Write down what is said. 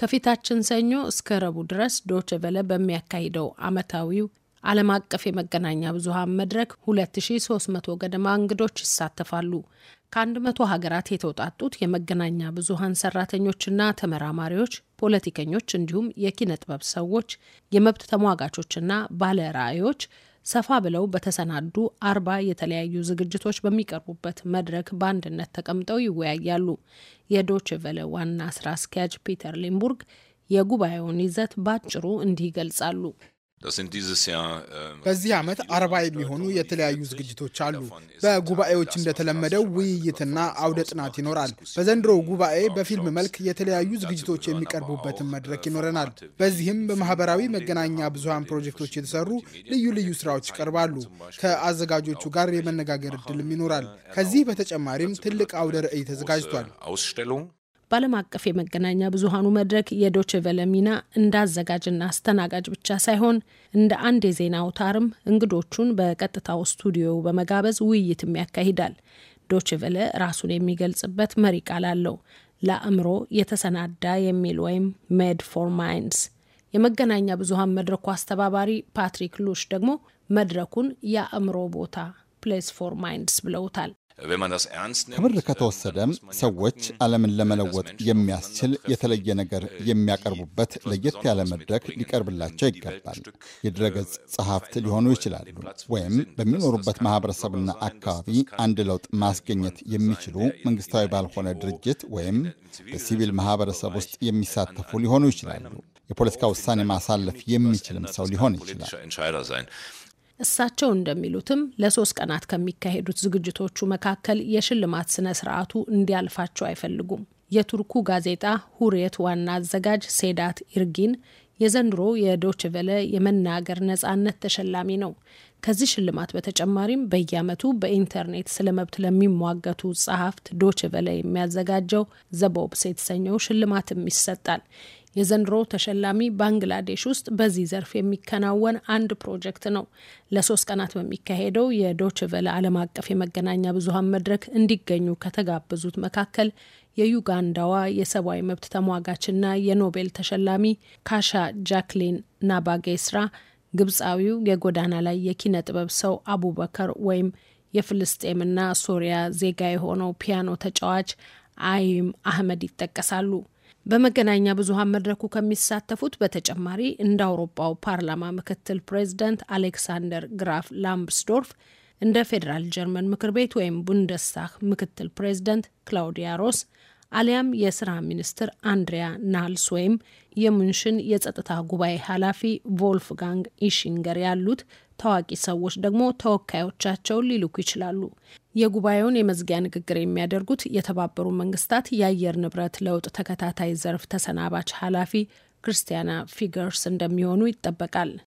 ከፊታችን ሰኞ እስከ ረቡዕ ድረስ ዶችቨለ በሚያካሂደው አመታዊው ዓለም አቀፍ የመገናኛ ብዙሃን መድረክ 2300 ገደማ እንግዶች ይሳተፋሉ። ከ100 ሀገራት የተውጣጡት የመገናኛ ብዙሃን ሰራተኞችና ተመራማሪዎች፣ ፖለቲከኞች እንዲሁም የኪነ ጥበብ ሰዎች፣ የመብት ተሟጋቾችና ባለ ራዕዮች ሰፋ ብለው በተሰናዱ አርባ የተለያዩ ዝግጅቶች በሚቀርቡበት መድረክ በአንድነት ተቀምጠው ይወያያሉ። የዶችቨለ ዋና ስራ አስኪያጅ ፒተር ሊምቡርግ የጉባኤውን ይዘት ባጭሩ እንዲህ ይገልጻሉ። Ähm, በዚህ ዓመት አርባ የሚሆኑ የተለያዩ ዝግጅቶች አሉ። በጉባኤዎች እንደተለመደው ውይይትና አውደ ጥናት ይኖራል። በዘንድሮው ጉባኤ በፊልም መልክ የተለያዩ ዝግጅቶች የሚቀርቡበትን መድረክ äh, ይኖረናል። በዚህም በማህበራዊ መገናኛ ብዙሃን ፕሮጀክቶች የተሰሩ ልዩ ልዩ ስራዎች ይቀርባሉ። ከአዘጋጆቹ ጋር የመነጋገር እድልም ይኖራል። äh, ከዚህ በተጨማሪም ትልቅ አውደ ርዕይ ተዘጋጅቷል። በዓለም አቀፍ የመገናኛ ብዙሃኑ መድረክ የዶችቨለ ሚና እንደ አዘጋጅና አስተናጋጅ ብቻ ሳይሆን እንደ አንድ የዜና አውታርም እንግዶቹን በቀጥታው ስቱዲዮ በመጋበዝ ውይይትም ያካሂዳል። ዶችቨለ ራሱን የሚገልጽበት መሪ ቃል አለው። ለአእምሮ የተሰናዳ የሚል ወይም ሜድ ፎር ማይንድስ። የመገናኛ ብዙሃን መድረኩ አስተባባሪ ፓትሪክ ሉሽ ደግሞ መድረኩን የአእምሮ ቦታ ፕሌስ ፎር ማይንድስ ብለውታል። ክብር äh, ከተወሰደም ሰዎች ዓለምን ለመለወጥ የሚያስችል የተለየ ነገር äh, የሚያቀርቡበት ለየት ያለ መድረክ ሊቀርብላቸው ይገባል። የድረገጽ äh, ጸሐፍት ሊሆኑ ይችላሉ፣ ወይም በሚኖሩበት ማህበረሰብና አካባቢ አንድ ለውጥ ማስገኘት የሚችሉ መንግስታዊ ባልሆነ ድርጅት ወይም በሲቪል ማህበረሰብ ውስጥ የሚሳተፉ ሊሆኑ ይችላሉ። የፖለቲካ ውሳኔ ማሳለፍ የሚችልም ሰው ሊሆን ይችላል። እሳቸው እንደሚሉትም ለሶስት ቀናት ከሚካሄዱት ዝግጅቶቹ መካከል የሽልማት ስነ ስርዓቱ እንዲያልፋቸው አይፈልጉም። የቱርኩ ጋዜጣ ሁሬት ዋና አዘጋጅ ሴዳት ኢርጊን የዘንድሮ የዶችቨለ የመናገር ነጻነት ተሸላሚ ነው። ከዚህ ሽልማት በተጨማሪም በየዓመቱ በኢንተርኔት ስለ መብት ለሚሟገቱ ጸሐፍት ዶችቨለ የሚያዘጋጀው ዘቦብስ የተሰኘው ሽልማትም ይሰጣል። የዘንድሮ ተሸላሚ ባንግላዴሽ ውስጥ በዚህ ዘርፍ የሚከናወን አንድ ፕሮጀክት ነው። ለሶስት ቀናት በሚካሄደው የዶችቨለ ዓለም አቀፍ የመገናኛ ብዙሀን መድረክ እንዲገኙ ከተጋበዙት መካከል የዩጋንዳዋ የሰብአዊ መብት ተሟጋችና የኖቤል ተሸላሚ ካሻ ጃክሊን ናባጌስራ፣ ግብፃዊው የጎዳና ላይ የኪነ ጥበብ ሰው አቡበከር ወይም የፍልስጤምና ሶሪያ ዜጋ የሆነው ፒያኖ ተጫዋች አይም አህመድ ይጠቀሳሉ። በመገናኛ ብዙሀን መድረኩ ከሚሳተፉት በተጨማሪ እንደ አውሮፓው ፓርላማ ምክትል ፕሬዚደንት አሌክሳንደር ግራፍ ላምብስዶርፍ እንደ ፌዴራል ጀርመን ምክር ቤት ወይም ቡንደስታክ ምክትል ፕሬዚደንት ክላውዲያ ሮስ አሊያም የስራ ሚኒስትር አንድሪያ ናልስ ወይም የሙንሽን የጸጥታ ጉባኤ ኃላፊ ቮልፍጋንግ ኢሽንገር ያሉት ታዋቂ ሰዎች ደግሞ ተወካዮቻቸውን ሊልኩ ይችላሉ። የጉባኤውን የመዝጊያ ንግግር የሚያደርጉት የተባበሩ መንግስታት የአየር ንብረት ለውጥ ተከታታይ ዘርፍ ተሰናባች ኃላፊ ክርስቲያና ፊገርስ እንደሚሆኑ ይጠበቃል።